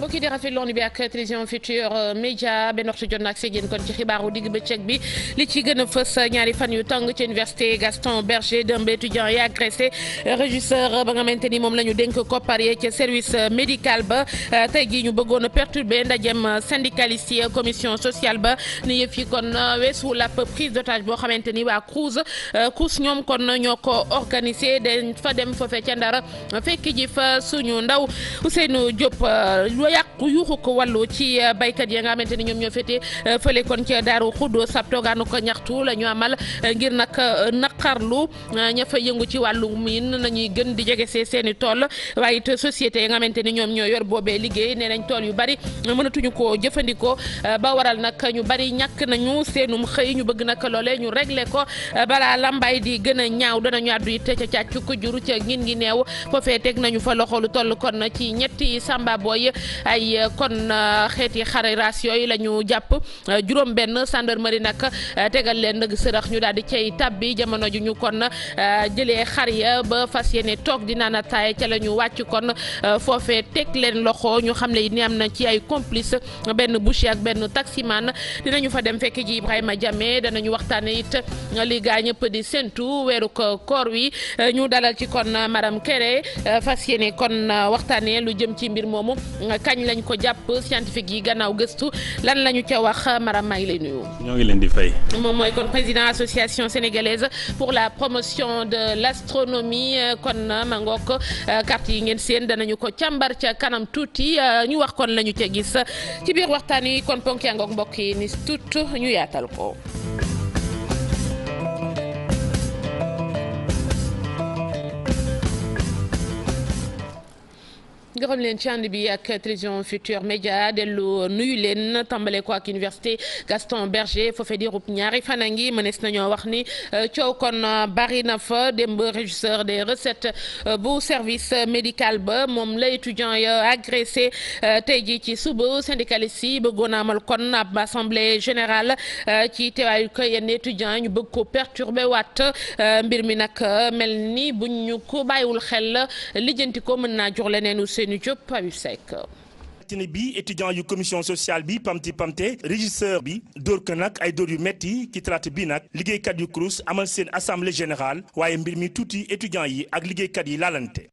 mbokk yi di rafetloon bi ak télévision Futurs Médias benn waxtu jot na ak see kon ci xibaaru digg bëccëg bi li ci gën a fës ñaari fan yu tàng ci université Gaston Berger dëmb étudiant yi agressé régisseur ba nga xamante ni moom la ñu dénk koppar yee ca service médical ba tey jii ñu bëggoon a perturbé ndajem syndicaliste yi commission sociale ba ni yëf yi kon weesu la prise d'otage boo xamante ni waa Cruz ñoom kon ñoo ko organisé dañ fa dem foofee ca Ndar yàqu yuuxu ko wàllu ci euh, baykat ya nga xamante ni ñoom ñoo fete euh, fële kon ca daaru xuddo sab toogaanu ko ñaxtu la ñu amal euh, ngir nag naqarlu ña fa yëngu ci wàllu miin nañuy gën di jege see seen i tool waaye te société ya nga xamante ni ñoom ñoo yor boobe liggéey nee nañ tool yu bari mënatuñu ko jëfandikoo ba waral nag ñu bari ñàkk nañu seenum xëy ñu bëgg nag loolee ñu régler ko balaa lambay di gën a ñaaw danañu àddu it ca càcc ko juru ca ngin ngi neew foofee teg nañu fa loxo lu toll kon ci ñetti samba boy ay kon euh, xeeti xare race yooyu la ñu jàpp euh, juróom benn gendarmerie nag euh, tegal leen ndëgg sërëx ñu daal di cay tabbi jamono ju ñu kon jële xar ya ba fas yéene toog di naan ataaya ca la ñu wàcc kon foofee teg leen loxo ñu xam ne ni am na ci ay complice benn boucher ak benn taximan dinañu fa dem fekk ji Ibrahima Diame danañu waxtaane it li gaa ñëpp di séntu weeru ko koor wi ñu dalal ci kon madame Kéré fas yéene kon waxtaane lu jëm ci mbir moomu kañ lañ ko jàpp scientifique yi gannaaw gëstu lan la ñu ca wax Maram maa ngi lay nuyu. ñoo ngi leen di fay. moom mooy kon président association sénégalaise pour la promotion de l'astronomie euh, kon euh, ma ngoog euh, carte yi ngeen seen danañu ko càmbar ca kanam tuuti ñu wax kon lañu ñu ca gis ci biir waxtaan yi kon ponk yaa mbokk yi ni tut ñu yaatal ko. gërëm leen ci ànd bi ak télévision Futur Média dellu nuyu leen tàmbale ko ak université Gaston Berger foofee di rub ñaari fan a ngi mënees wax ni euh, coow euh, bari na fa démb des recettes euh, bu service médical ba moom la étudiant ya agressé tey ji ci suba syndicaliste yi bëggoon amal kon ab assemblée générale ci teewaayu ko yenn étudiant ñu bëgg ko perturbé waat mbir mi nag mel ni buñ ñu ko bàyyiwul xel lijjanti ko mën naa jur leneen Ousseynou Diop Habib Seck altine bi étudiant yu commission sociale bi pamti pamte régisseur bi dóor ko nag ay dóor yu metti ci traite bi nag liggéeykat yu CROUS amal seen assemblée générale waaye mbir mi tuuti étudiants yi ak liggéeykat yi laalante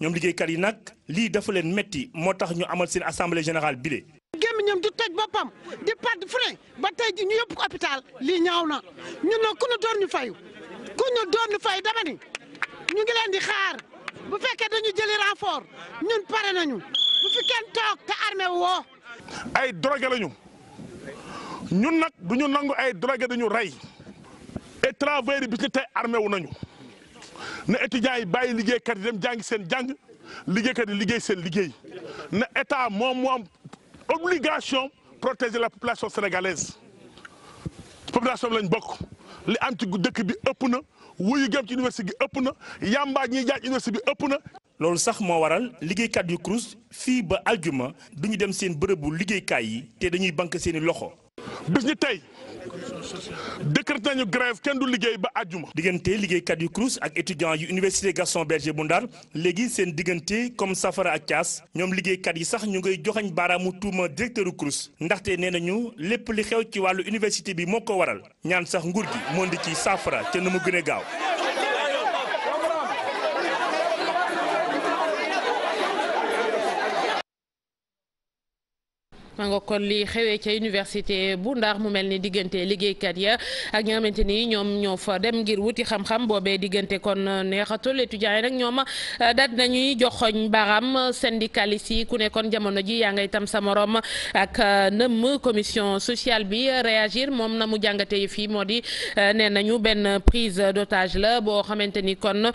ñoom liggéeykat yi nag lii dafa leen metti moo tax ñu amal seen assemblée générale bile gémmiñam di toj boppam di pàdd fu ne ba tey ñu yóbbu ko hôpital lii ñaaw na ñun nag ku ñu door ñu fayu ku ñu door ñu fayu dama ni ñu ngi leen di xaar bu fekkee dañu jëli renfort ñun pare nañu bu fi kenn toog te armée woo ay drogué lañu ñun nag du ñu nangu ay drogué dañu rey et travailleurs yi bis ni nañu na étudiants yi bàyyi liggéeykat yi dem jàngi seen jàng liggéeykat yi liggéey seen liggéey na état moom moom obligation protéger la population sénégalaise population bi lañ bokk li am ci dëkk bi ëpp na wuyu gëm ci université bi ëpp na yàmbaaj ñiy jaaj université bi ëpp na. loolu sax moo waral liggéeykat yu CROUS fii ba aljuma duñu dem seen bërëbu liggéeykaay yi te dañuy bank seeni loxo. bis ñi tey. décret nañu grève kenn du liggéey ba àjjuma. diggante liggéeykat yu CROUS ak étudiants yu université Gaston Berger bu Ndar léegi seen diggante comme safara ak caas ñoom liggéeykat yi sax ñu ngay joxañ baaraamu tuuma directeur CROUS ndaxte nee nañu lépp li xew ci wàllu université bi moo ko waral ñaan sax nguur gi moo di ci safara ca na mu gën gaaw. ma nga kon bu Ndar mu mel ni diggante liggéeykat ya ak ñi nga ni ñoom ñoo fa dem ngir wuti xam-xam boobee diggante kon neexatul étudiants yi nag ñoom euh, daat nañuy joxoñ baram syndicalistes yi ku ne kon jamono ji yaa ngay tam sa morom ak euh, nëmm commission sociale bi réagir moom na mu jàngate jàngatee fii moo di euh, nee nañu benn prise d'otage la boo xamante ni kon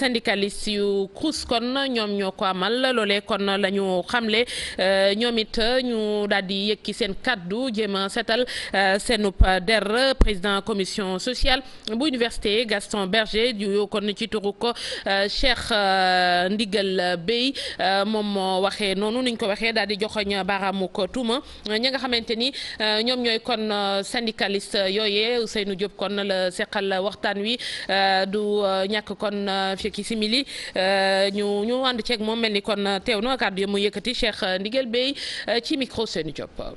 syndicalistes yu CROUS kon ñoom ñoo ko amal loolee kon la xamle ñoom ñu daal di yëkki seen kaddu jéem a setal euh, seenub der président commission sociale bu université Gaston Berger yu kon ci turu ko euh, Cheikh euh, Ndigal Bey moom moo waxee noonu nuñ ko waxee daal di joxoñ baaraamu ko tuuma ñi nga xamante ni ñoom ñooy kon syndicaliste yooyee seenu Diop kon la seqal waxtaan wi du ñàkk kon fekki simili ñu ñu ànd ceeg moom mel ni kon teew na kàddu yi mu yëkkati Cheikh Ndigal Bey ci micro seeni Diop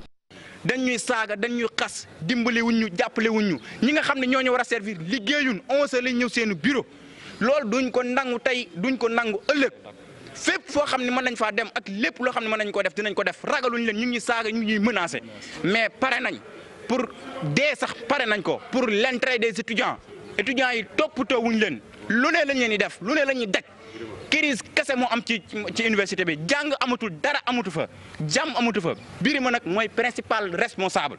dañ ñuy saaga dañuy xas dimbali wuñ ñu jàppale ñi nga xam ne ñoo ñu war a servir liggéeyuñ onze heures lañ ñëw seenu bureau loolu duñ ko nangu tey duñ ko nangu ëllëg fépp foo xam ne mën nañ faa dem ak lépp loo xam ne mën nañ ko def dinañ ko def ragaluñ leen ñu ngi saaga ñu ñuy menacé mais pare nañ pour dee sax pare nañ ko pour l'entrée de étudiants étudiants yi toppatoo wuñ leen lu ne lañ leen di def lu ne la ñuy crise kese moo am ci ci université bi jàng amatul dara amatu fa jàmm amatu fa ma nag mooy principal responsable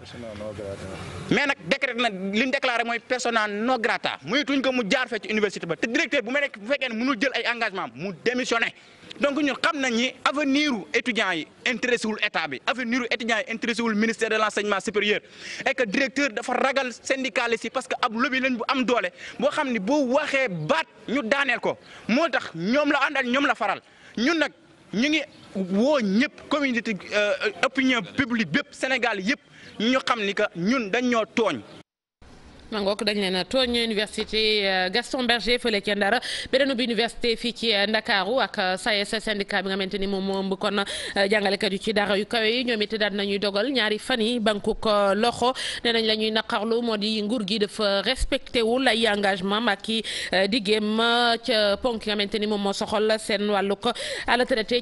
mais nag décrété na li ñu déclaré mooy persona non grata muy tuñ ko mu jaar fee ci université ba te directeur bu ma nekk bu fekkee mu mënul jël ay engagement mu démissionné donc ñun xam nañ ni avenir u yi intéressé wul état bi avenir u étudiants yi intéressé wul ministère de l' enseignement supérieur et que directeur dafa ragal syndicaliste yi parce que ab lobby leen bu am doole boo xam ni boo waxee baat ñu daaneel ko moo tax ñoom la àndal ñoom la faral ñun nag ñu ngi woo ñëpp communauté euh, opinion publique bépp Sénégal yëpp ñu xam ni que ñun dañ ñoo tooñ. mangook dañ leen tooñ université euh, Gaston Berger fële ca Ndar beneen bi université fii ci euh, Ndakaaru ak SAES euh, e syndicat bi nga xamante ni moom moo ëmb kon jàngalekat yu ci dara yu kawe yi ñoom it daan nañuy dogal ñaari fan yi bankuk loxo nee nañ la ñuy naqarlu moo di nguur gi dafa respecté wul ay engagement ak i diggéem ca ponk nga xamante ni moom moo soxal seen wàllug à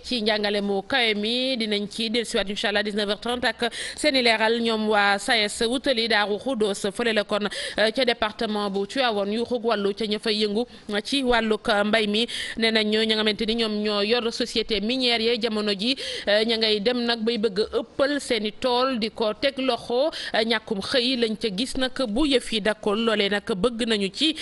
ci njàngale mu kawe mi dinañ ci dellusiwaat incha allah 19h30 ak seen i leeral ñoom waa SAES e wutali Daaru Xudoos fële la kon. Eh, ca département bu Tivaouane yu xug wàllu ca ña fay yëngu eh, ci wàlluk eh, mbay mi nee nañ ñoo ña nga xamante ni ñoom ñoo yor société minière yi jamono ji ña ngay dem nag bay bëgg a ëppal seeni tool di ko teg loxo ñàkkum xëy lañ ca gis nag bu yëf yi dakkool loole nag bëgg nañu ci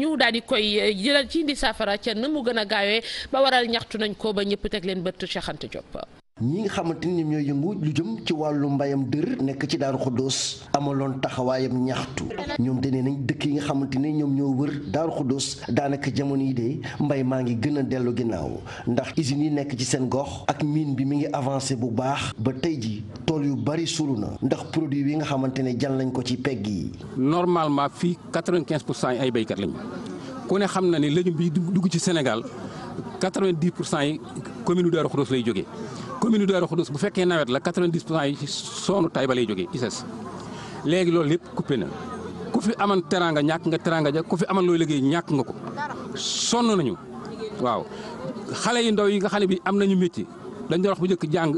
ñu daal di koy jëlal ci di saafara ca na mu gën a gaawee ba waral ñaxtu nañ ko ba ñëpp teg leen bët Cheikh Anta Diop ñi nga xamante ni ñoom ñooy yëngu lu jëm ci wàllu mbayam dër nekk ci daaru xuddoos amaloon taxawaayam ñaxtu ñoom denee nañ dëkk yi nga xamante ni ñoom ñoo wër daaru xuddoos daanaka jamono yi de mbay maa ngi gën a dellu ginnaaw ndax usines yi nekk ci seen gox ak mine bi mi ngi avancé bu baax ba tey ji tool yu bari sulu na ndax produit yi nga xamante ne jàll nañ ko ci pegg yi normalement fii 95 pour cent yi ay béykat lañu ku ne xam na ne légume bi dugg ci Sénégal 90 pour cent yi commune Daaru Xuddoos lay jógee commune Darou Khoudoss bu fekkee nawet la 90 pour cent yi ci soonu Taïba lay jógee léegi loolu lépp coupé na ku fi aman teranga ñàkk nga teranga ja ku fi aman looy liggéey ñàkk nga ko sonn nañu waaw xale yu ndaw yi nga xam bi am na ñu métier dañ doon bu njëkk jàng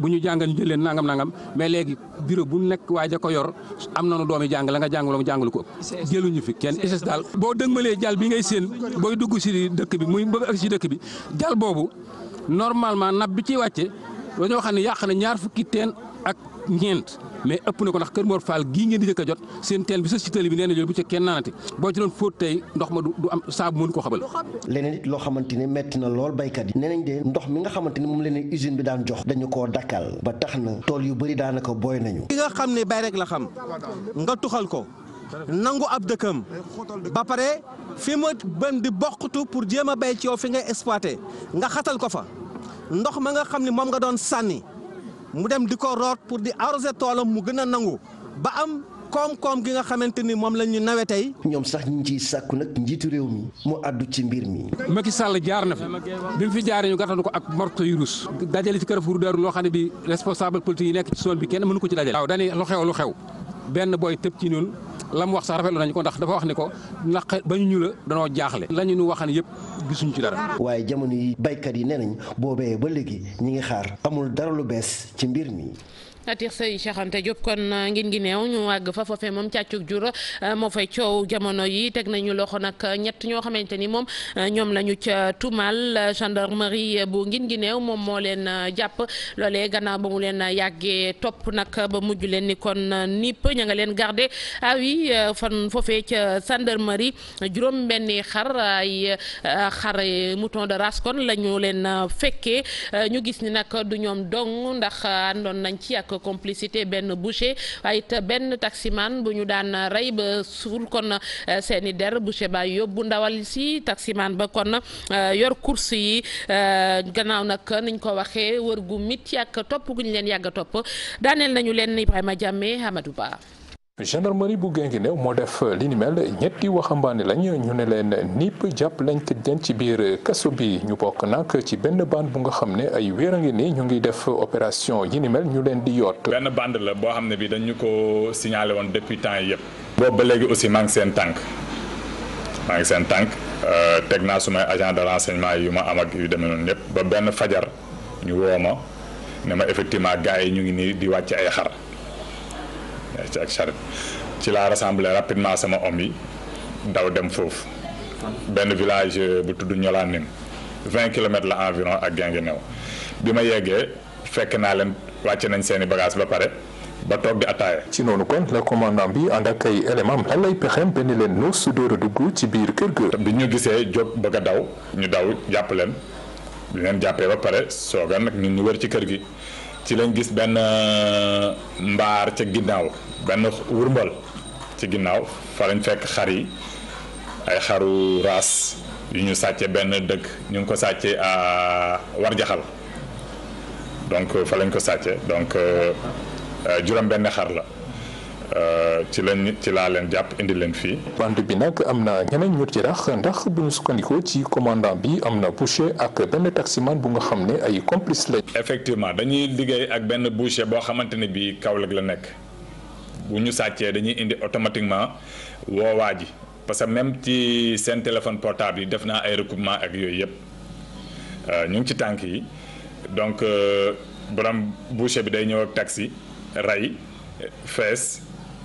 bu ñu jàngal ñu leen nangam nangam mais léegi bureau bu nekk waaye da ko yor am na nu doomi jàng la nga jàngaloo jàngalu ko ëpp jëluñu fi kenn ICS daal boo dëgmalee jàll bi nga séen booy dugg si dëkk bi muy bëgg dëkk bi jàll boobu normalement nab bi ciy wàcce dañoo xam ne yàq na ñaar fukki teen ak ñeent mais ëpp na ko ndax Kër moo Fall gii ngeen di jëkk a jot seen teen bi sës ci tëli bi nee na bu ca kenn naanati boo ci doon fóot tey ndox ma du am saabu mënu ko xabal. leneen it loo xamante ne metti na lool baykat yi nee nañ de ndox mi nga xamante ni moom leneen usine bi daan jox dañu koo dakkal ba tax na tool yu bëri daanaka booy nañu. ki nga xam ne bay rek la xam nga tuxal ko nangu ab dëkkam ba pare fi ma bën di bokkatu pour jéem a bay ci yow fi ngay exploité nga xatal ko fa. ndox ma nga xam ne moom nga doon sànni mu dem di ko root pour di arroser toolam mu gën a nangu ba am koom-koom gi nga xamante ni moom la ñu nawe tey. ñoom sax ñu ngi ciy sàkku nag njiitu réew mi mu àddu ci mbir mi. Macky Sall jaar na fi bi mu fi jaaree ñu gàttandu ko ak morto yu rus dajale ci Carrefour Darou loo xam ne bi responsable politique yi nekk ci zone bi kenn mënu ko ci dajale. waaw dañuy lu xew lu xew benn booy tëb ci ñun. la wax sax rafetlu nañ ko ndax dafa wax ni ko naq ba ñu ñu la danoo jaaxle la ñu nu waxan yëpp gisuñ ci dara. waaye jamono yi baykat yi nee nañ boobee ba léegi ñu ngi xaar amul dara lu bees ci mbir mi. atiir say Cheikh Anta Diop kon euh, ngin ngi neew ñu àgg fa foofee moom càccug jura euh, moo fay coow jamono yi teg nañu loxo nag euh, ñett ñoo xamante ni moom ñoom la ñu ca tumal gendarmerie bu ngin gi neew moom moo leen jàpp loolee gannaaw ba mu leen yàggee topp nag ba mujj leen ni kon nipp ña nga leen garde awi ah fan foofee ca gendarmerie juróom benni xar ay xar mouton de race kon la ñu leen fekkee ñu gis ni nag du ñoom dong ndax àndoon nañ ci ak complicité benn boucher waaye benn taximan bu ñu daan rey ba suul kon euh, seen i der boucher ba yóbbu ndawal si taximan ba kon euh, yor course yi euh, gannaaw nag niñ ko waxee wër gu mit yàgg topp gu ñu leen yàgg topp daaneel nañu leen Ibrahima Jàmme Amadou Ba gendarmerie bu Guinguinéo moo def li ñetti waxambaane lañ ñu ne leen nipp jàpp lañ tëj leen ci biir kaso bi ñu bokk nag ci benn bande bu nga xam ne ay weer a ngi nii ñu ngi def opération yi ni mel ñu leen di yoot benn bande la boo xam ne bi dañu ko signalé woon depuis temps yëpp. boobu ba léegi aussi maa ngi seen tànk maa ngi seen tànk euh, teg naa sumay agent de renseignement yu ma am ak yu demee noonu yëpp ba benn fajar ñu woo ma ne ma effectivement gars yi ñu ngi nii di wàcc ay xar. ci ak charrette ci laa rassemblé rapidement sama homme yi daw dem foofu benn village euh, bu tudd Ñolaanin vingt kilomètres la environ ak Guinguinéo bi ma yeggee fekk naa leen wàcc nañ seeni bagage ba pare ba toog di ataaya ci noonu kon la commandant bi ànd ak ay éléments lan lay pexeem benn leen nuus su dóor a dugg ci biir kër ga bi ñu gisee jóg bëgg a daw ñu daw jàpp leen bi leen jàppee ba pare sooga nag ñun ñu wër ci kër gi ci lañ gis benn euh, mbaar ca ginnaaw benn wurmbal ci ginnaaw fa lañ fekk xar yi ay xaru ras yu ñu sàccee benn dëkk ñu ngi ko sàccee à Warjaxal donc fa lañ ko sàccee donc euh, euh, juróom benn xar la Euh, ci lañ ci laa leen jàpp indi leen fii. bande bi nag am na ñeneen ñu ci rax ndax bu ñu sukkandikoo ci commandant bi am na boucher ak benn taximan bu nga xam ne ay complice lañ. effectivement dañuy liggéey ak benn boucher boo xamante ne bii Kaolack la nekk bu ñu sàccee dañuy indi automatiquement woowaa ji parce que même ci seen téléphone portable yi def naa ay recoupement ak yooyu yëpp euh, ñu ngi ci tànk yi donc euh, borom boucher bi day ñëw ak taxi ray fees.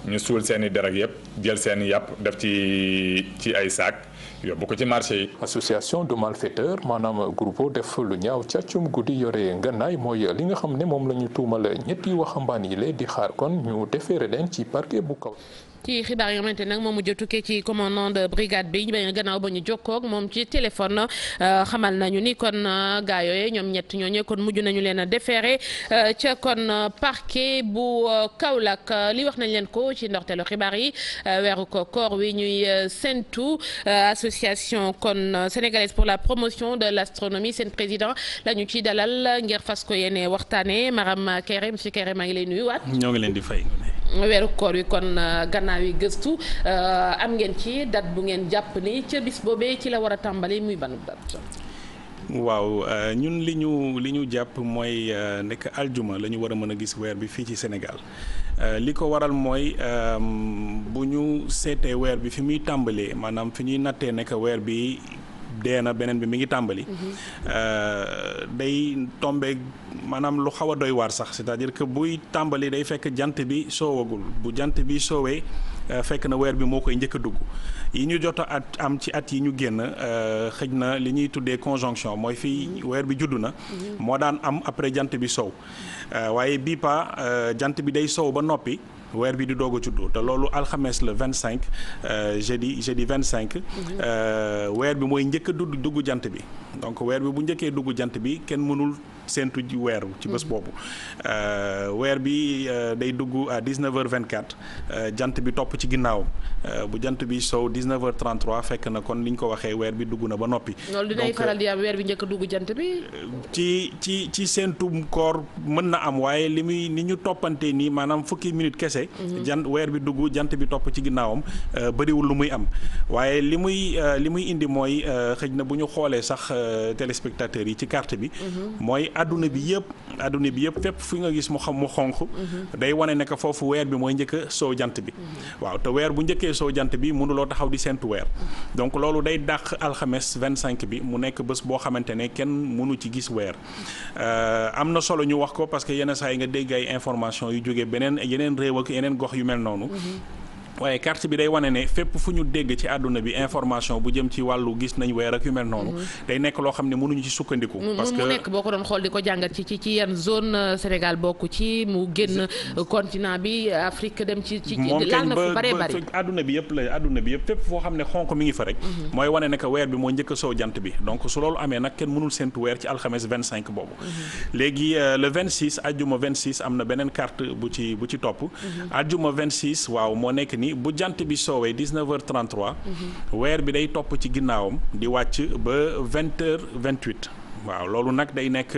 ñu suul seen i derek yëpp jël seen yàpp def ci ci ay saak yóbbu ko ci marché yi. association de malfaiteurs maanaam groupe def lu ñaaw càccum guddi yore ngannaay mooy li nga xam ne moom la ñu tuumal ñetti waxambaane yi leen di xaar kon ñu defeere leen ci parquet bu kaw. ci xibaar yi nga xamante nag moom mujj tukkee ci commandant de brigade bi ñu gannaaw ba ñu moom ci téléphone euh, xamal nañu ni kon euh, gaa yooyu ñoom ñett ñooñu kon mujj nañu leen a déféré euh, ca kon parquet bu Kaolack li wax nañ leen ko ci ndorteelu xibaar yi weeru ko koor wi ñuy sentu association kon sénégalaise pour la promotion de l' astronomie seen président lañu ñu dalal ngir fas ko yéene waxtaanee Maram Kéré monsieur Kéré maa ngi lay nuyuwaat. ñoo ngi leen di fay. weeru koor wi kon gannaaw gannaaw yi gëstu euh, am ngeen ci dat bu ngeen jàpp ni ca bis boobee ci la war a tàmbali muy banub date waaw euh, ñun li ñu li ñu jàpp mooy euh, nekk aljuma la ñu war a mën a gis weer bi fii ci Sénégal li ko waral mooy bu ñu seetee weer bi fi muy tàmbalee maanaam fi ñuy nattee nekk weer bi dee na beneen bi mi ngi tàmbali. Mhm. Euh, day tombe maanaam lu xaw a doy waar sax c'est-à-dire que buy tàmbali day fekk jant bi soowagul bu jant bi soowee. Euh, fekk na weer bi moo koy njëkk a dugg yi ñu jot at am ci at yi ñu génn euh, xëj na li ñuy tuddee conjonction mooy fii mhm. weer bi juddu na. Mhm. moo daan am après jant bi sow waaye bii pa jant bi day sow ba noppi. weer bi di doog a juddu te loolu alxames la vingt cinq euh, jeudi jeudi vingt cinq mhm. euh, weer bi mooy njëkk a dugg jant bi donc weer bi bu njëkkee dugg jant bi kenn mënul séntu ji weer ci bés mhm. boobu euh, weer bi euh, day dugg à 19h24 euh, jant bi topp ci ginnaawam bu jant bi sow 19h33 fekk na kon li ñu ko waxee weer bi dugg na ba noppi. loolu dinay bi njëkk dugg jant bi. ci ci ci séntum koor mën na am waaye li muy ni ñu toppante nii maanaam fukki minute kese. Mhm. jant weer bi dugg jant bi topp ci ginnaawam bëriwul lu muy am waaye li muy li muy indi mooy xëj na bu ñu xoolee sax téléspectateurs yi ci kart bi mhm. mooy. adduna bi yëpp adduna bi yëpp fépp fu nga gis mu xam mu xonq mhm. day wane ne que foofu weer bi mooy njëkk a soo jant bi mhm. waaw te weer bu njëkkee soo jant bi mënuloo taxaw di seentu weer mhm. donc loolu day dàq alxames cinq bi mu nekk bés boo xamante ne kenn mënu ci gis weer euh, am na solo ñu wax ko parce que yenn saa yi nga dégg ay information yu jóge beneen yeneen réew yeneen gox yu mel noonu waaye carte bi day wane ne fépp fu ñu dégg ci àdduna bi information bu jëm ci wàllu gis nañ weer ak yu mel noonu. Mm-hmm. day nekk loo xam ne mënuñu ci sukkandiku. Mm-hmm. parce mu nekk boo ko doon xool di ko jàngat ci ci ci yan zone euh, Sénégal bokk ci mu génn euh, continent bi Afrique dem ci ci laal na fu bëree bëri àdduna bi yëpp la àdduna bi yëpp fépp foo xam ne xonk mi ngi fa rek. Mm-hmm. mooy wane ne que weer bi moo njëkk a sow jant bi donc su loolu amee nag kenn mënul séntu weer ci alxames 25 boobu. léegi euh, le 26 ajjuma 26 am na beneen carte bu ci bu ci topp. ajjuma 26 waaw moo nekk ni bu jant bi soowee 19h33. Mhm. weer bi day topp ci ginnaawam di wàcc ba 20 h waaw loolu nag day nekk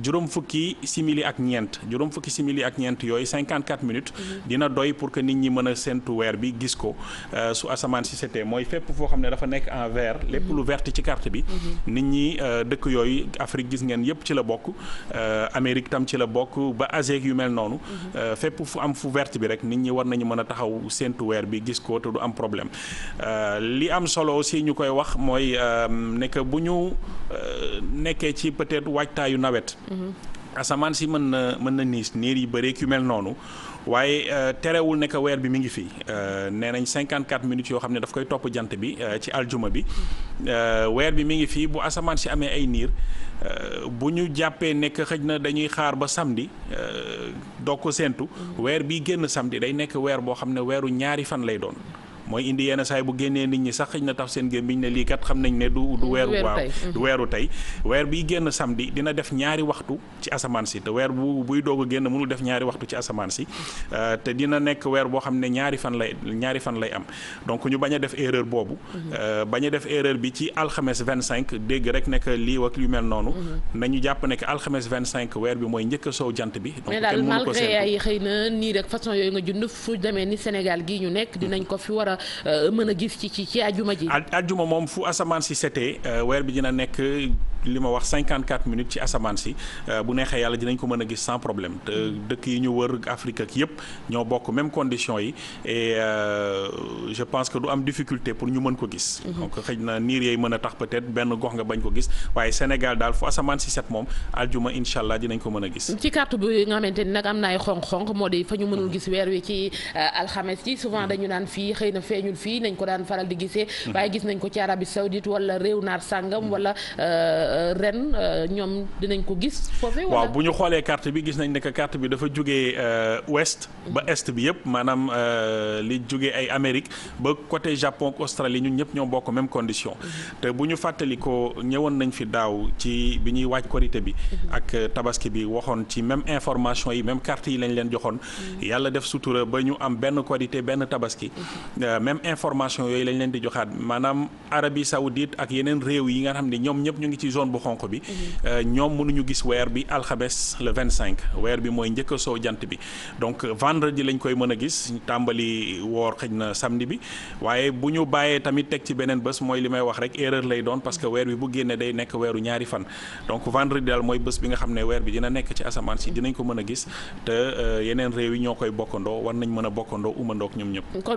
juróom fukki simili ak ñeent juróom fukki simili ak ñeent yooyu 54 minutes. Mhm. dina doy pour que nit ñi mën a séntu weer bi gis ko euh, su asamaan si sete mooy fépp foo xam ne dafa nekk en vert mhm. lépp lu vert ci carte bi. Mhm. nit ñi euh, dëkk yooyu Afrique gis ngeen yëpp ci la bokk euh, Amérique tam ci la bokk ba Asie yu mel noonu. fépp fu am fu vert bi rek nit ñi war nañu mën a taxaw séntu weer bi gis ko te du am problème li am solo aussi ñu koy wax mooy ne bu ñu nekkee ci peut-être waajtaayu nawet. Mm-hmm. asamaan si mën na mën na niis niir yi bëree ku mel noonu waaye euh, terewul ne que weer bi mi ngi fii euh, nee nañ 54 minutes yoo xam ne daf koy topp jant bi euh, ci aljuma bi mm-hmm. weer bi mi ngi fii bu asamaan si amee ay niir bu ñu jàppee nekk xëj na dañuy xaar ba samdi doo ko séentu mm-hmm. weer bi génn samedi day nekk weer boo xam ne weeru ñaari fan lay doon mooy indi yenn saay bu génnee nit ñi sax xëy na taf seen gémmiñ ne lii kat xam nañ ne du weeru waaw mm-hmm. du weeru tey weer biy génn samedi dina def ñaari waxtu ci asamaan si te weer bu buy doog a génn mënul def ñaari waxtu ci asamaan si euh, te dina nekk weer boo xam ne ñaari fan lay ñaari fan lay am donc ñu bañ def erreur boobu mm-hmm. euh, bañ a def erreur bi ci alxames 25 dégg rek nekk lii ak lu mel noonu mm-hmm. nañu jàpp nekk alxames 25 weer bi mooy njëkk a soow jant bi mais a a euh, mën a gis ci ci ci ajuma ji. ajuma moom fu asamaan si setee euh, weer bi dina nekk. li ma wax 54 minutes ci asamaan si euh, bu neexee yàlla dinañ ko mën a gis sans problème te dëkk yi ñu wër Afrique ak yëpp ñoo bokk même condition yi e je pense que du am difficulté pour ñu mën ko gis. Mhm. donc xëy na niir yooyu mën a tax peut-être benn gox nga bañ ko gis waaye Sénégal daal fu asamaan si set moom aljuma incha allah dinañ ko mën a gis. ci carte bi nga xamante ni nag am na ay xonq-xonq moo di fa ñu mënul mhm. gis weer wi ci euh, alxames yi souvent mhm. dañu naan fii xëy na feeñul fii nañ ko daan faral di gisee. waaye gis nañ ko ci Arabie Saoudite wala réew naar sàngam wala. Euh, ren euh, ñoom dinañ ko gis foofe waaw bu ñu xoolee carte bi gis nañ ne que carte bi dafa jugee west euh, ba mhm. est bi yëpp maanaam li jugee ay Amérique ba côté Japon ak Australie ñun ñëpp ñoo bokk même condition mhm. te bu ñu fàttali ko ñëwoon nañ fi daaw ci bi ñuy waaj korité bi mhm. ak tabaski bi waxoon ci même information yi même carte yi lañ leen joxoon yàlla def sutura ba ñu am benn korité benn tabaski même information yooyu lañ leen di joxaat maanaam Arabie Saoudite ak yeneen réew yi nga xam ne ñoom ñëpp ñu ngi ci zone bu xonq bi mhm. euh, ñoom mënuñu gis weer bi alxames le vingt cinq weer bi mooy njëkk a soo jant bi donc vendredi lañ koy mën a gis tàmbali woor xëj na samedi bi waaye bu ñu bàyyee tamit teg ci beneen bés mooy li may wax rek erreur lay doon parce que weer bi bu génnee day nekk weeru ñaari fan donc vendredi daal mooy bés bi nga xam ne weer bi dina nekk ci asamaan si dinañ ko mën a gis te euh, yeneen réew yi ñoo koy bokkandoo war nañ mën a bokkandoo umandoog ñoom ñëpp kon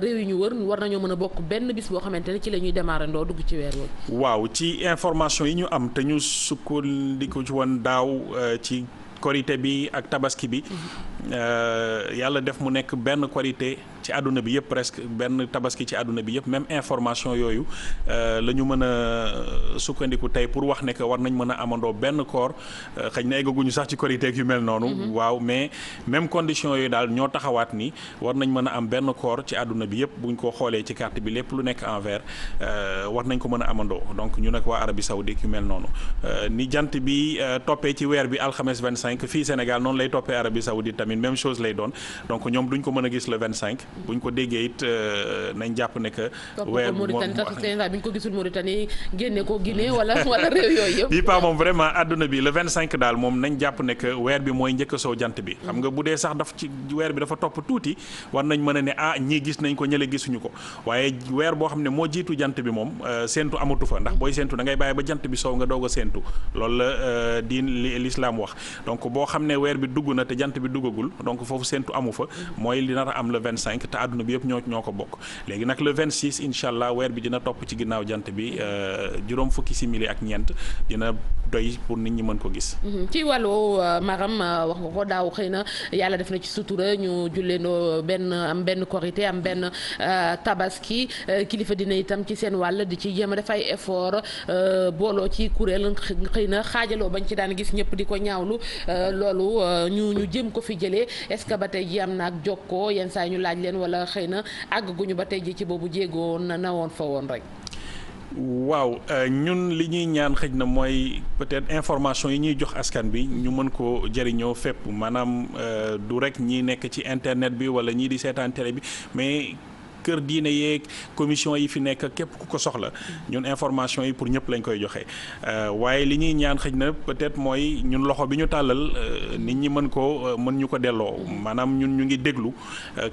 réew yi ñu wër war nañoo mën a bokk benn bis boo xamante ne ci la ñuy démarrer ndoo dugg ci weer woowu. waaw ci information yi ñu am te ñu sukkandiku ci woon daaw euh, ci korité bi ak tabaski bi. Mm-hmm. Euh, yàlla def mu nekk benn qualité ci àdduna bi yëpp presque benn tabaski ci àdduna bi yëpp même information yooyu euh, la ñu mën a euh, sukkandiku tey pour wax ne que war nañ mën a amandoo benn koor xëy na sax ci qualité yu mel noonu. Mm-hmm. waaw mais même condition yooyu daal ñoo taxawaat ni war nañ mën a am benn koor ci àdduna bi yëpp buñ ko xoolee ci carte bi lépp lu nekk en vert war nañ ko mën amandoo donc ñu nekk waa Arabie Saoudite ki mel noonu ni jant bi toppee ci weer bi alxames 25 fii Sénégal noonu lay toppee Arabie Saoudite tamit. tamit même chose lay doon donc ñoom duñ ko mën a gis la le 25. buñ ko déggee it euh, nañ jàpp ne que. weer bi ñu ko gisul Mauritanie génne ko Guinée wala wala réew yooyu yëpp. bii moom vraiment àdduna bi la le cinq daal moom nañ jàpp ne que weer bi mooy njëkk a soo jant bi. xam nga bu dee sax daf ci weer bi dafa topp tuuti war nañ mën a ne ah ñii gis nañ ko ñële gisuñu ko waaye weer boo xam ne moo jiitu jant bi moom euh, séentu amatu fa ndax booy séentu da ngay bàyyi ba jant bi soow nga doog a séentu loolu la euh, diin l'islam wax donc boo xam ne weer bi dugg na te jant bi duggagul amul donc foofu séntu amu fa mooy li nar a am le 25 te àdduna bi yëpp ñoo ñoo ko bokk léegi nag le 26 weer bi dina topp ci ginnaaw jant bi euh, juróom fukki simili ak ñeent dina doy pour nit ñi mën ko gis. Mhm. ci wàllu euh, maram euh, wax nga ko daaw xëy na yàlla def na ci sutura ñu julleendoo benn am benn korité am benn tabaski kilifa dina itam ci seen wàll di ci jéem a def ay effort booloo ci kuréel xëy na xaajaloo bañ ci daan gis ñëpp di ko ñaawlu loolu ñu ñu jéem ko fi jëlee est-ce que ba tey ji am na ak jokkoo yenn saa ñu laaj leen wala xëy na àgg guñu ba tey ji ci boobu jéegoo na na woon fa woon rek. waaw euh, ñun li ñuy ñaan xëj na mooy peut-être information yi ñuy jox askan bi ñu mën ko jëriñoo fépp maanaam euh, du rek ñii nekk ci internet bi wala ñii di seetaan télé bi mais. kër diine yeeg commission yi fi nekk képp ku ko soxla ñun information yi pour ñëpp lañ koy joxe euh, waaye li ñuy ñaan xëj na peut-être mooy ñun loxo bi ñu tàllal euh, nit ñi mën koo euh, mën ñu ko delloo maanaam ñun ñu ngi déglu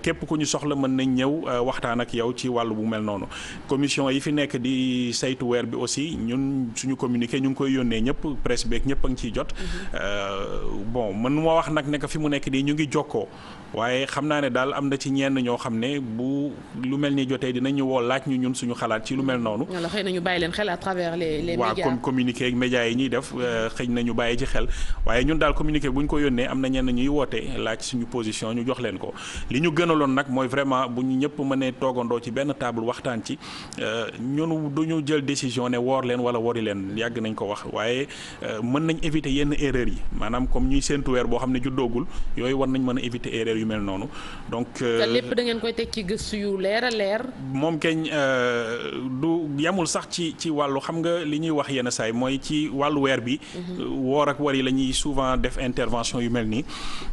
képp ku ñu soxla mën nañ ñëw waxtaan ak yow ci wàll bu mel noonu commission yi fi nekk di saytu weer bi aussi ñun suñu communiqué ñu ngi koy yónnee ñëpp presse beeg ñëpp a ngi ciy jot mm-hmm. bon mën moo wax nag ne fi mu nekk nii ñu ngi jokkoo waaye xam naa ne daal am na ci ñenn ñoo xam ne bu lu mel ni jotee dinañu woo laaj ñu ñun suñu xalaat ci lu mel noonu. wala xëy na bàyyi leen xel à travers les les médias. waaw comme communiqué ak yi ñuy def euh, xëy na ñu bàyyi ci xel waaye ñun daal communiqué bu ñu ko yónnee am na ñenn ñuy woote laaj suñu position ñu jox leen ko li ñu gënaloon nag mooy vraiment bu ñu ñëpp mënee toogandoo ci benn table waxtaan ci euh, ñun du ñu jël décision ne woor leen wala wori leen yàgg nañ ko wax waaye euh, mën nañ éviter yenn erreurs yi maanaam comme ñuy séntu weer boo xam ne juddoogul yooyu war nañ mën a éviter erreur yu mel noonu donc. Euh, lépp da ngeen koy teg ci gëstu yu leer a leer. moom keñ euh, du yamul sax ci ci wàllu xam nga li ñuy wax yenn saay mooy ci wàllu weer bi. Mhm. Euh, woor ak war yi la ñuy souvent def intervention yu mel nii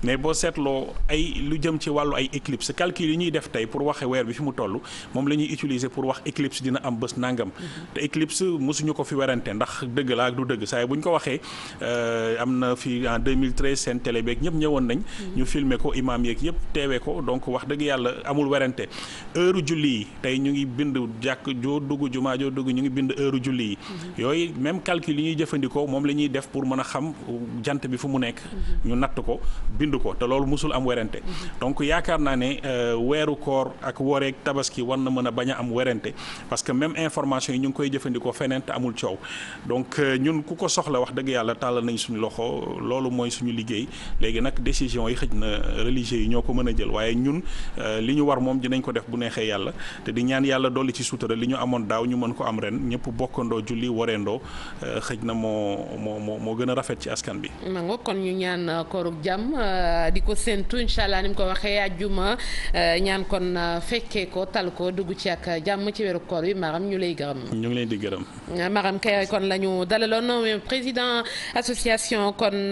mais boo seetloo ay lu jëm ci wàllu ay éclipse calcul yi ñuy def tey pour waxe weer bi fi mu toll moom la ñuy utiliser pour wax éclipse dina am bés nangam. Mhm. te éclipse mosuñu ko fi werante ndax dëgg la ak du dëgg saa buñ ko waxee am na fi en 2013 seen télé Afrique yëpp teewee ko donc wax dëgg yàlla amul werante heure julli yi tey ñu ngi bind jàkk joo dugg jumaa joo dugg ñu ngi bind heure julli yi mhm. yooyu même calcul yi ñuy jëfandikoo moom la ñuy def pour mën a xam jant bi fu mu nekk mhm. ñu natt ko bind ko te loolu musul am werante mhm. donc yaakaar naa ne euh, weeru koor ak wooreeg tabaski war na mën a bañ am werante parce que même information yi ñu ngi koy jëfandikoo feneen te amul coow donc euh, ñun ku ko soxla wax dëgg yàlla tàllal nañ suñu loxo loolu mooy suñu liggéey léegi nag décision yi xëj na religieux yi ñoo ko mën a jël waaye ñun euh, li ñu war moom dinañ ko def bu neexee yàlla te di ñaan yàlla dolli ci sutura li ñu amoon daaw ñu mën ko am ren ñëpp bokkandoo julli wareendoo euh, xëj na moo moo rafet ci askan bi. mango kon ñu ñaan euh, koorug jàmm di ko séntu incha allah ni mu ko waxee àjjuma ñaan kon fekkee ko tal ko dugg ci ak jàmm ci weeru koor bi maram ñu lay gërëm. ñu ngi leen di gërëm. maram kay kon la ñu dalaloon président association kon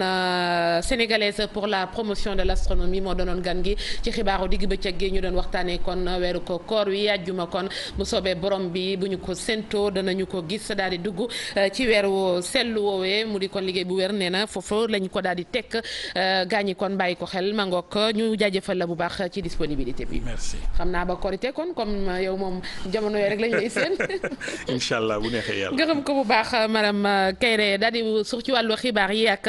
sénégalaise gan gi ci xibaaru digg bëccëg gi ñu doon waxtaanee kon weeru ko koor wi àjjuma kon bu soobee borom bi bu ñu ko séntoo danañu ko gis daal dugg euh, ci weeru sellu woowee mu di kon liggéey bu wér nee na foofu lañ ko daal di tekk euh, gaañi kon bàyyi ko xel mangook ñu jaajëfal la bu baax ci disponibilité bi. merci xam naa ba korité kon comme euh, yow moom jamono yooyu rek lañ lay seen. incha allah bu neexee yàlla gërëm ko bu baax madame Kayre daal di suux ci wàllu xibaar yi ak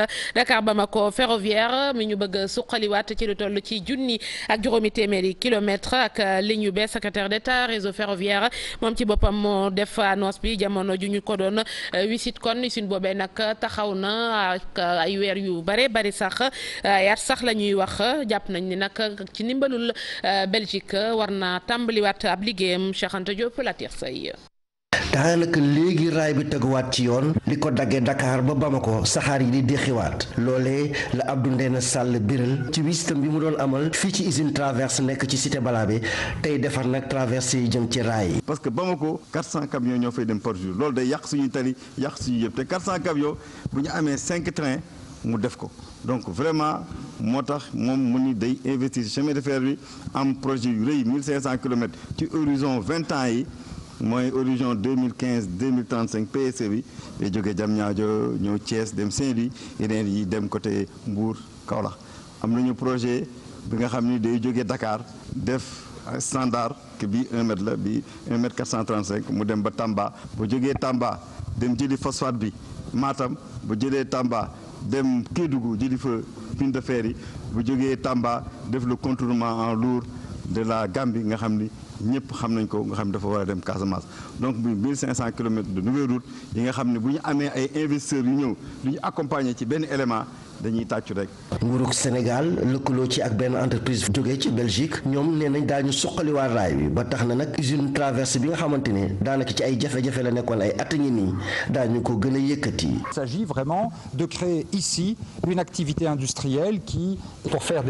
ci junni ak juróomi téeméeri kilomètre ak euh, ligne yu bees secrétaire d'État réseau ferroviaire moom ci boppam moo def annonce bi jamono ju ñu ko doon euh, wisit kon usine boobee nag taxaw na ak euh, ay weer yu bare bari sax yar sax la ñuy wax jàpp nañ ni nag ci ndimbalul Belgique war na tàmbaliwaat ab liggéeyam Cheikh Anta Diop la say daanaka léegi raay bi teguwaat ci yoon li ko daggee dakaar ba Bamako saxaar yi di déxiwaat loolee la Abdou Ndéné Sall biral ci wisitam bi mu doon amal fii ci usine traverse nekk ci cité bi tey defar nag traverse yi jëm ci raay yi. parce que Bamako 400 camions ñoo fay dem par jour loolu day yàq suñu tali yàq suñu yëpp te 400 camions bu ñu amee 5 trains mu def ko donc vraiment moo tax moom mu ni day investir chemin de fer bi am projet yu rëy 1500 kilomètres ci horizon 20 ans yi. mooy horizon 2015 2035 PSE bi day jógee Diamniadio ñëw Thiès dem Saint-Louis yeneen yi dem côté Mbour Kaolack am nañu projet bi nga xam ni day jógee dakaar def standard que bi 1 mètre la bi 1 mètre 435 mu dem ba Tamba ba jógee Tamba dem jëli phosphate bi maatam ba jëlee Tamba dem Kédougou jëli fa mine de fer yi bu jógee Tamba def le contournement en lourd de la Gambie nga xam ni ñëpp xam nañ ko nga xam dafa war a dem Casamance donc bu 1500 kilomètres de nouvelle route yi nga xam ne bu ñu amee ay investisseurs yu ñëw luñu ñu accompagner ci benn élément dañuy tàccu rek. nguurug Sénégal lëkkaloo ci ak benn entreprise jógee ci Belgique ñoom nee nañ daañu waa raay bi ba tax na nag usine traverse bi nga xamante ne daanaka ci ay jafe-jafe la nekkoon ay at ngi nii daañu gën a yëkkati. Il s'agit vraiment de créer ici une activité industrielle qui pour faire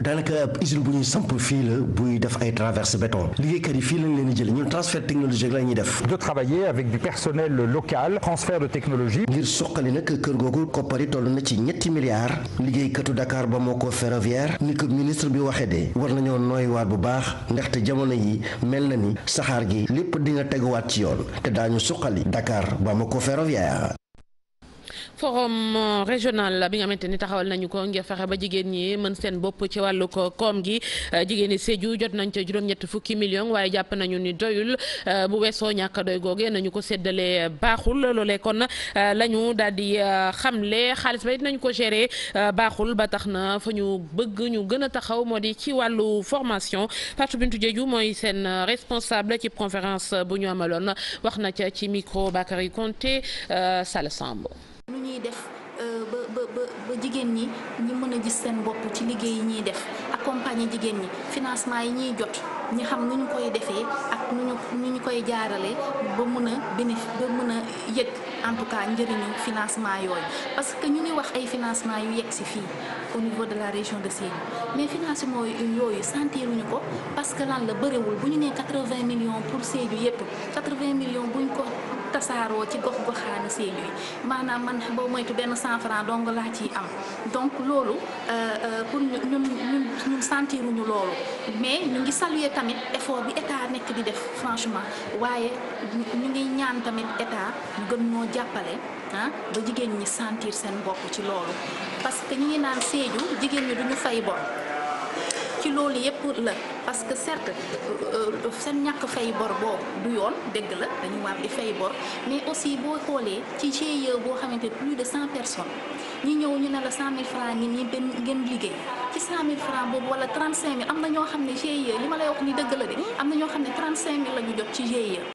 daanaka usine bu ñuy samp fii la buy def ay traverses béton liggéeykat yi fii lañ leen di jël ñun transfert technologique la ñuy def. de travailler avec du personnel local transfert de technologie. ngir suqali nag kër googu koppari toll toll na ci ñetti milliards liggéeykatu Dakar ba moo ko ferroviaire ni ko ministre bi waxee de war nañoo nooy waat bu baax ndaxte jamono yi mel na ni saxaar gi lépp dina teguwaat ci yoon te daañu suqali Dakar ba ma ko ferroviaire forum euh, régional bi nga xamante ni taxawal nañu ko ngir fexe ba jigéen ñi mën seen bopp ci wàllu ko koom gi euh, jigéen ñi Sédhiou jot nañ ca juróom-ñett fukki million waaye jàpp nañu ni doyul euh, bu weesoo ñàkk doy googe nañu ko séddalee baaxul loolee kon la ñu daal di xamle xaalis ba it nañu ko gérer baaxul ba tax na fa ñu bëgg ñu gën a taxaw moo di ci wàllu formation Fatou Bintou Diédhiou mooy seen responsable ci conférence bu ñu amaloon wax na ca ci micro Bakary Konté Sall Samb nu ñuy def euh, ba ba jigéen ñi ñi mën a gis seen bopp ci liggéey yi ñuy def accompagner jigéen ñi financement yi ñuy jot ñu xam nu ñu koy defee ak nu ñu nu ñu koy jaarale ba mën a bénéfice ba mën a yëg en tout cas njëriñu financement yooyu parce que ñu ngi wax ay financement yu yegg si fii au niveau de la région de Sédhiou mais financement yooyu sentiruñu ko parce que lan la bëriwul bu ñu nee 80 millions pour Sédhiou yëpp 80 millions buñ ko tasaaroo ci gox goxaana Sédhiou maanaam man boo moytu benn 100 francs dong laa ciy am donc loolu euh, euh, pour ñu ñun ñun loolu mais ñu ngi saluer tamit effort bi état nekk di def franchement waaye ñu ngi ñaan tamit état gën ñoo jàppale ah ba jigéen ñi sentir seen bopp ci loolu parce que naan Sédhiou jigéen ñi duñu fay bor ci loolu yëpp la parce que certes euh, euh, seen ñàkk fay bor boobu du yoon dëgg la dañu war di fay bor mais aussi boo xoolee ci GIE boo xamante plus de cent personnes ñi ñëw ñu ne la cent mille francs ngi nii benn ngeen liggéey ci cent mille francs boobu wala trente cinq am na ñoo xam ne GIE li ma lay wax ni dëgg la de am na ñoo xam ne trente cinq mille la ñu jot ci GIE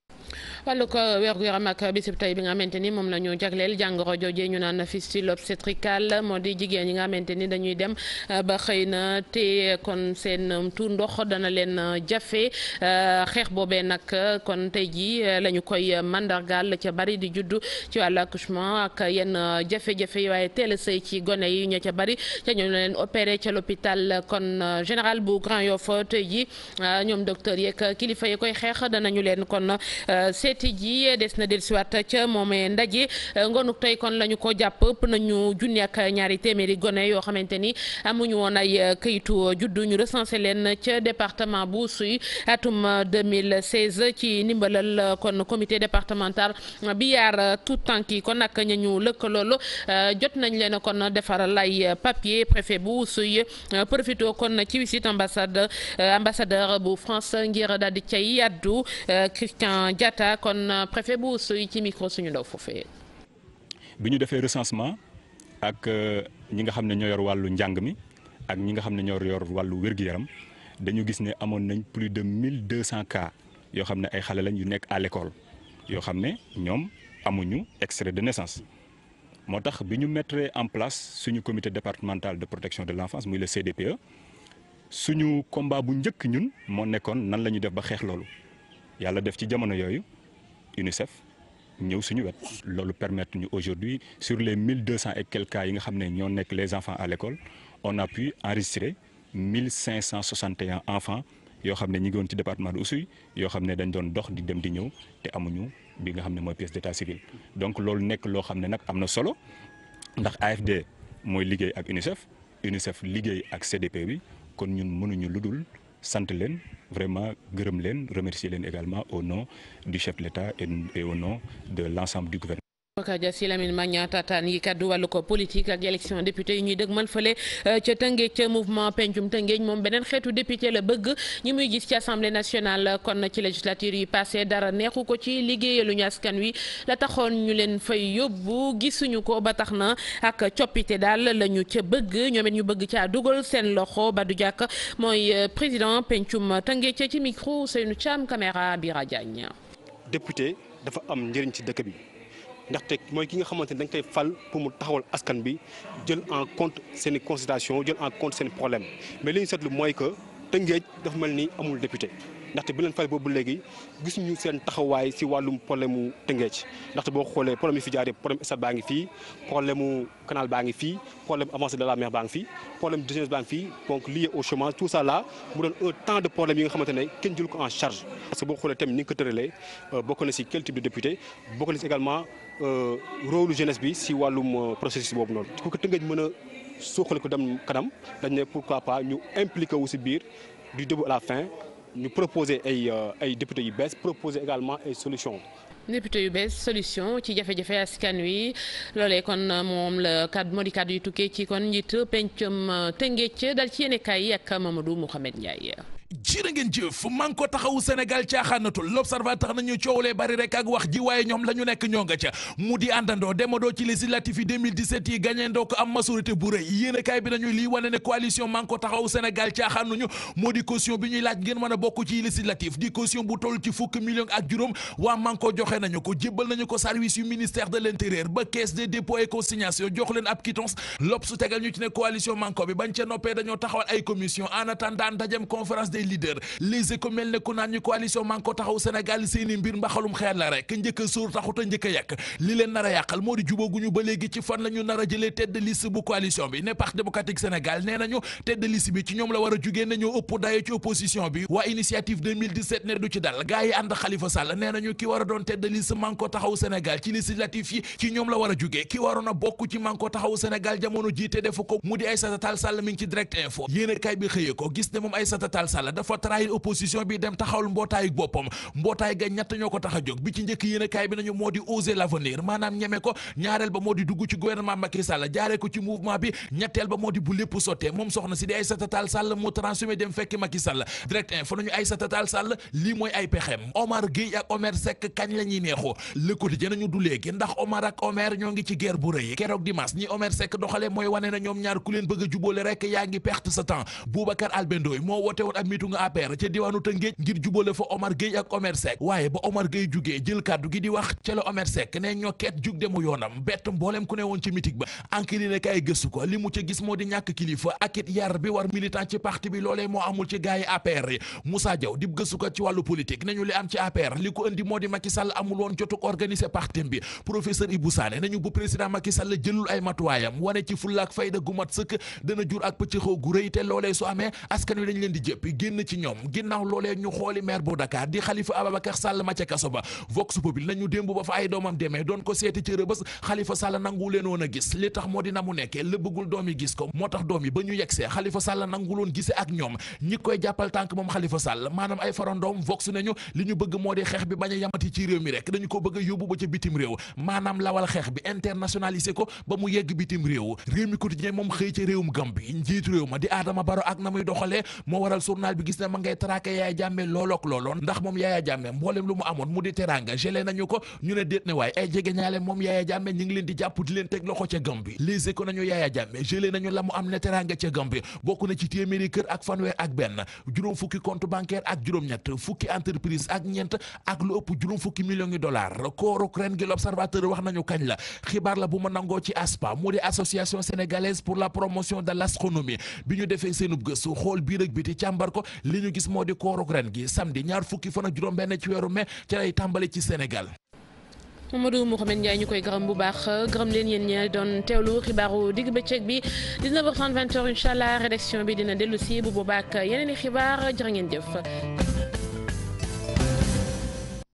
wàllu ko wergu yaram ak bisib tey bi nga xamante ni moom la ñu jagleel jàngoro jooje ñu naan fistule obstétricale moo di jigéen yi nga xamante ni dañuy dem euh, ba xëy na te kon seen um, tour ndox dana leen euh, jafe euh, xeex boobee nag kon tey ji la ñu koy mandargaal ca bari di juddu ci wàllu accouchement ak yenn jafe-jafe yi waaye teel a sëy ci gone yi ña ca bari te ñoo leen opéré ca l'hôpital kon général bu Grand Yoff tey jii ñoom docteur yeeg kilifa yi koy xeex danañu leen kon. politique yi des na dellusiwaat ca la ñu ko jàpp ëpp nañu junni ak ñaari gone yoo xamante ni amuñu woon ay këyitu juddu ñu recensé leen ca département bu suy atum 2016 ci ndimbalal kon comité départemental bi yaar tout tànk yi kon ak ña ñu lëkkaloolu jot nañ leen kon defaral ay papier préfet bu suy profité kon ci visite ambassade ambassadeur bu France ngir daal di cay Christian Diatta kon euh, préfet bu suy ci micro suñu ndaw foofee. bi ñu defee recensement ak euh, ñi nga xam ne ñoo yor wàllu njàng mi ak ñi nga xam ne ñoo yor wàllu wér-gu-yaram dañu gis ne amoon nañ plus de 1200 cas yoo xam ne ay xale lañ yu nekk à l'école yoo xam ne ñoom amuñu extrait de naissance. moo tax bi ñu mettre en place suñu comité départemental de protection de l'enfance muy le CDPE suñu combat bu njëkk ñun moo nekkoon nan la ñuy def ba xeex loolu yàlla def ci jamono yooyu UNICEF ñëw suñu wet loolu permettre ñu aujourd'hui sur les mille deux cent et quelques yi nga xam ne ñoo nekk les enfants à l'école on a pu enregistrer mille cinq cent soixante et un enfants yoo xam ne ñi ngi ci département de Oussouye yoo xam ne dañ doon dox di dem di ñëw te amuñu bi nga xam ne mooy pièce d'état civil donc loolu nekk loo xam ne nag am na solo ndax AFD mooy liggéey ak UNICEF UNICEF liggéey ak CDP bi kon ñun mënuñu ludul sant leen vraiment gërëm leen remercier leen également au nom du chef de l'État et au nom de l'ensemble du gouvernement Boubacar Dia si Lamine Magna tataan yi kaddu wàllu ko politique ak élection député yi ñuy dëgmal fële euh, ca Tëngéej ca mouvement pencum Tëngéej moom beneen xeetu député la bëgg ñi muy gis ci assemblée nationale kon ci législature yi passé dara neexu ko ci liggéeyalu ñu askan wi la taxoon ñu leen fay yóbbu gisuñu ko ba tax na ak coppite daal la ñu ca bëgg ñoom it ñu bëgg caa dugal seen loxo Badou Diack mooy euh, président pencum Tëngéej ca ci micro Seynou Thiam caméra Bira Diagne député dafa am ndaxte mooy ki nga xamante ni dañ koy fal pour mu taxawal askan bi jël en compte seen i consultation jël en compte seen problème mais li ñu seetlu mooy que Tëngéej dafa mel ni amul député ndaxte bi leen fal boobu léegi gisuñu seen taxawaay si wàllum problème mu Tëngéej ndaxte boo xoolee problème yi fi jaaree problème stade baa ngi fii problème mu canal baa ngi fii problème avancée de la mer baa ngi fii problème de jeunesse baa ngi fii donc lié au chômage tout ça là mu doon un temps en charge parce que boo xoolee tamit ni nga ko tëralee euh, Euh, rôle jeunesse bi si wàllum euh, processus boobu noonu ku ko Tëngéej mën a suuxal ko dem kanam dañ ne pourquoi pas ñu impliqué wu si biir du début à la fin ñu proposer ay euh, ay députés yu bees proposer également ay solutions. député yu bees solution ci jafe-jafe askan wi loolee kon moom la kàddu moo di kàddu yu tukkee ci kon njiit pencum Tëngéej dal ci yéenekaay yi ak Mamadou Mouhamed Ndiaye. jërë ngeen jëf man ko taxawu Sénégal caaxaanatul l'observateur nañu coowlee bari rek ak wax ji waaye ñoom la nekk ñoo nga ca mu di àndandoo demandoo ci législatif yi 2017 yi gañeendoo ko am majorité bu rëy yéenekaay bi nañu lii wane ne coalition man taxawu Sénégal caaxaanuñu moo di caution bi ñuy laaj ngeen mën a ci législatif di caution bu toll ci fukki million ak juróom waa man joxe nañu ko jébbal nañu ko service yu ministère de say leader mel ne ku naan ñu coalition Manko Taxawu Sénégal seeni mbir mbaxalum xeer la rek njëkk a taxut a njëkk a li leen nar a yàqal moo di jubóoguñu ba léegi ci fan la nar a jëlee tête de bu coalition bi ne Parti démocratique Sénégal nee nañu tête de bi ci ñoom la war a jugee nañoo ëpp dayo ci opposition bi waa initiative ne du ci dal gaa yi ànd Khalifa Sall nee nañu ki war a doon tête de liste Manko Taxawu Sénégal ci législatif yi ci ci Manko la dafa trahir opposition bi dem taxawal mbootaayu boppam mbootaay ga ñett ñoo ko tax a jóg bi ci njëkk yéen kaay bi nañu moo di oser l'avenir maanaam ñeme ko ñaareel ba moo di dugg ci gouvernement Macky Sall jaaree ko ci mouvement bi ñetteel ba moo di bu lépp sottee moom soxna si di Aïssata Tall Sall mu transformé dem fekki Macky Sall direct info nañu Aïssata Tall Sall lii mooy ay pexem Omar Gueye ak Omer Seck kañ la ñuy neexoo le du léegi a njiitu nga APR ca diwaanu Tëngéej ngir jubale fa Omar Gueye ak Omer Seck waaye ba Omar Gueye jugee jël kàddu gi di wax ca Omer Seck ne ñokkeet jug demu yoonam bett mboolem ku ne woon ci mitig ba enquête ne kay ko li mu ca gis moo di ñàkk kilifa ak yar bi war militant ci parti bi loolee moo amul ci gaay APR yi Moussa Diaw di gëstu ko ci wàllu politique nañu li am ci APR li ko indi moo di Macky amul woon jotuk organiser parti bi professeur Ibou Sané nañu bu président génn ci ñoom ginnaaw loolee ñu xooli maire bu Dakar di Khalifa Ababacar Sall ma ca kaso ba Vox Populi nañu démb ba fa ay doomam demee doon ko seeti ci rëbës Khalifa Sall nangu leen woon a gis li tax moo di na mu nekkee la bëggul doom gis ko moo tax doom yi ba ñu yegsee Khalifa Sall nanguloon gisee ak ñoom ñi koy jàppal tànk moom Khalifa Sall maanaam ay farandoom Vox nañu li ñu bëgg moo di xeex bi bañ a yamati ci réew mi rek dañu ko bëgg a yóbbu ba ca bitim ma di Adama Barrow ak na muy doxalee journal bi gis na ma ngay traqué yaaya jàmme loolook looloon ndax moom yaaya jàmme mboolem lu mu amoon mu di teranga gelé nañu ko ñu ne déet ne waaye ay jege ñaale moom yaaya jàmme ñu leen di jàpp di leen teg loxo ca Gàmbi Les Échos nañu yaaya jàmme gelé nañu la mu am ne teranga ca Gàmbi bokk na ci téeméeri kër ak fanweer ak benn juróom fukki compte bancaire ak juróom-ñett fukki entreprise ak ñeent ak lu ëpp juróom fukki millions yi dollars kooruk ren li ñu gis moo di kooruk ren gi samedi ñaar fukki fan juróom benn ci weeru mai ci lay tàmbali ci Sénégal Mamadou Mouhamed Ndiaye ñu koy gërëm bu baax gërëm leen yéen ñi doon teewlu xibaaru digg bëccëg bi 19h30 20h incha allah rédaction bi dina dellu si bu boobaak yeneen i xibaar jërë ngeen jëf.